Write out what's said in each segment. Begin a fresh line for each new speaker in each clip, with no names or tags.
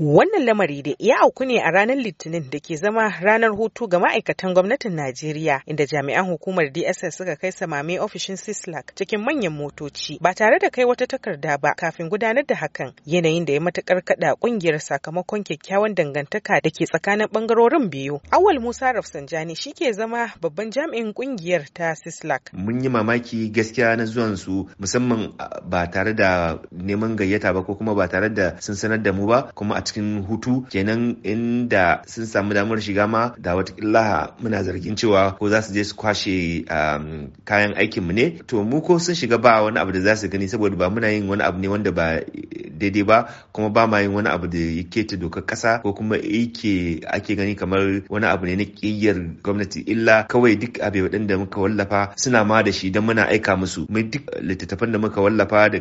Wannan lamari da ya auku ne a ranar Litinin da ke zama ranar hutu ga ma'aikatan gwamnatin Najeriya inda jami'an hukumar DSS suka kai samame ofishin Sislak cikin manyan motoci ba tare da kai wata takarda ba kafin gudanar da hakan yanayin da ya matukar kada kungiyar sakamakon kyakkyawan dangantaka da ke tsakanin bangarorin biyu. Awal Musa Rafsanjani shi ke zama babban jami'in kungiyar ta Sislak.
Mun yi mamaki gaskiya na zuwan su musamman ba tare da neman gayyata ba ko kuma ba tare da sun sanar da mu ba kuma a cikin hutu kenan inda sun samu damar shiga ma da wata watakila muna zargin cewa ko za su je su kwashe um, kayan aikinmu ne to mu ko sun shiga ba wani abu da za su gani saboda ba muna yin wani abu ne wanda ba daidai ba kuma ba ma yin wani abu da ya keta dokar kasa ko kuma yake ake gani kamar wani abu ne na kiyyar gwamnati illa kawai duk abe waɗanda muka wallafa suna ma da shi don muna aika musu mai duk littattafan da muka wallafa da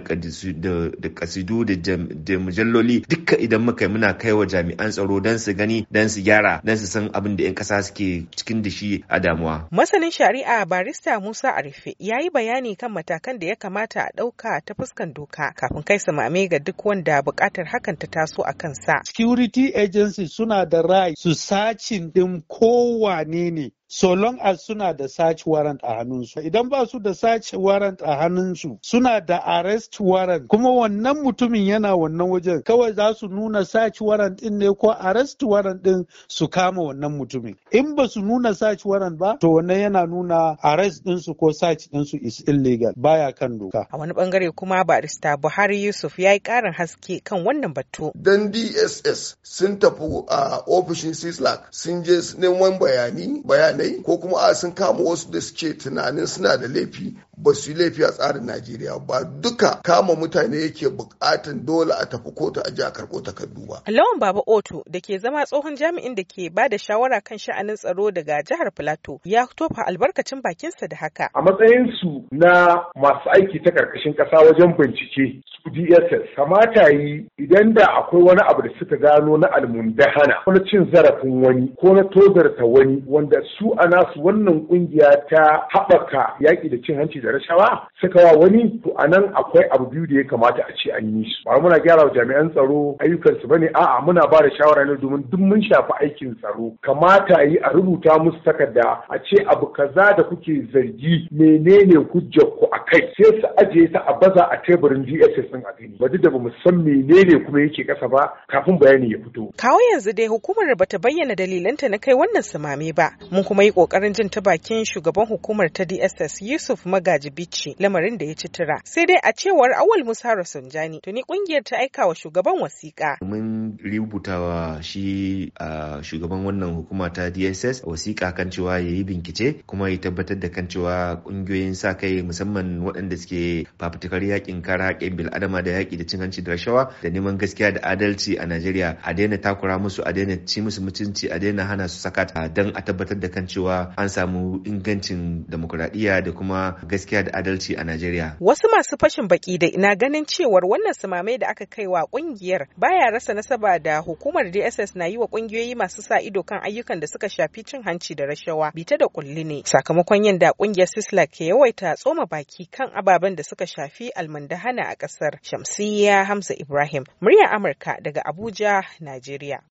kasidu da mujalloli dukka idan muka muna kai wa jami'an tsaro don su gani don su gyara don su san abin da 'yan kasa suke cikin da shi a damuwa.
Masanin shari'a barista Musa Arife ya yi bayani kan matakan da ya kamata a ɗauka ta fuskan doka kafin kai samame ga duk wani wanda buƙatar hakan ta taso a kansa.
Security agency suna da rai su sacin ɗin kowane ne so long as suna da search warrant a hannunsu idan ba su da search warrant a hannunsu suna da arrest warrant kuma wannan mutumin yana wannan wajen kawai za su nuna search warrant din ne ko arrest warrant din su kama wannan mutumin in ba su nuna search warrant ba to wannan yana nuna arrest din ko search din su is illegal baya kan doka
a wani bangare kuma barista Buhari Yusuf ya yi karin haske kan wannan batu dan DSS
sun tafi a ah, ofishin Sislak sun je neman bayani bayani jami'ai ko kuma a sun kama wasu da suke tunanin suna da laifi ba su yi laifi a tsarin Najeriya ba duka kama mutane yake bukatan dole a tafi kotu a ji a karɓo takardu ba.
Lawan Baba Oto da ke zama tsohon jami'in da ke ba da shawara kan sha'anin tsaro daga jihar Filato ya tofa albarkacin bakinsa da haka. A
matsayinsu na masu aiki ta karkashin ƙasa wajen bincike su DSS kamata yi idan da akwai wani abu da suka gano na almundahana ko na cin zarafin wani ko na tozarta wani wanda su a nasu wannan kungiya ta haɓaka yaƙi da cin hanci da rashawa sai wa wani to a nan akwai abu biyu da ya kamata a ce an yi su ba muna gyara wa jami'an tsaro ayyukansu bane a'a muna ba da shawara ne domin duk mun shafi aikin tsaro kamata yi a rubuta musu takarda a ce abu kaza da kuke zargi menene hujjar ku a kai sai su ajiye su a baza a teburin DSS din a gani ba duk da bamu san menene kuma yake kasa ba kafin bayani ya
fito kawo yanzu dai hukumar bata bayyana dalilanta na kai wannan sumame ba mun kuma yi kokarin jin ta bakin shugaban hukumar ta DSS Yusuf Maga gidaje bici lamarin da ya ci tura. Sai dai a cewar Awal Musa Rasunjani tuni kungiyar ta aika wa shugaban wasiƙa.
Mun rubutawa shi a shugaban wannan hukuma ta DSS wasiƙa kan cewa ya yi bincike kuma ya tabbatar da kan cewa kungiyoyin sa kai musamman waɗanda suke fafutukar yakin kara haƙƙin bil'adama da yaƙi da cin hanci da rashawa da neman gaskiya da adalci a Najeriya a daina takura musu a daina ci musu mutunci a daina hana su sakata don a tabbatar da kan cewa an samu ingancin demokuraɗiyya da kuma gaskiya gaskiya da adalci a Najeriya.
Wasu masu fashin baki da ina ganin cewar wannan sumamai da aka kai wa kungiyar baya rasa nasaba da hukumar DSS na yi wa kungiyoyi masu sa ido kan ayyukan da suka shafi cin hanci da rashawa bita da kulli ne sakamakon yadda kungiyar Sisla ke yawaita tsoma baki kan ababen da suka shafi almundahana a kasar. Shamsiyya Hamza Ibrahim, muryar Amurka daga Abuja, Najeriya.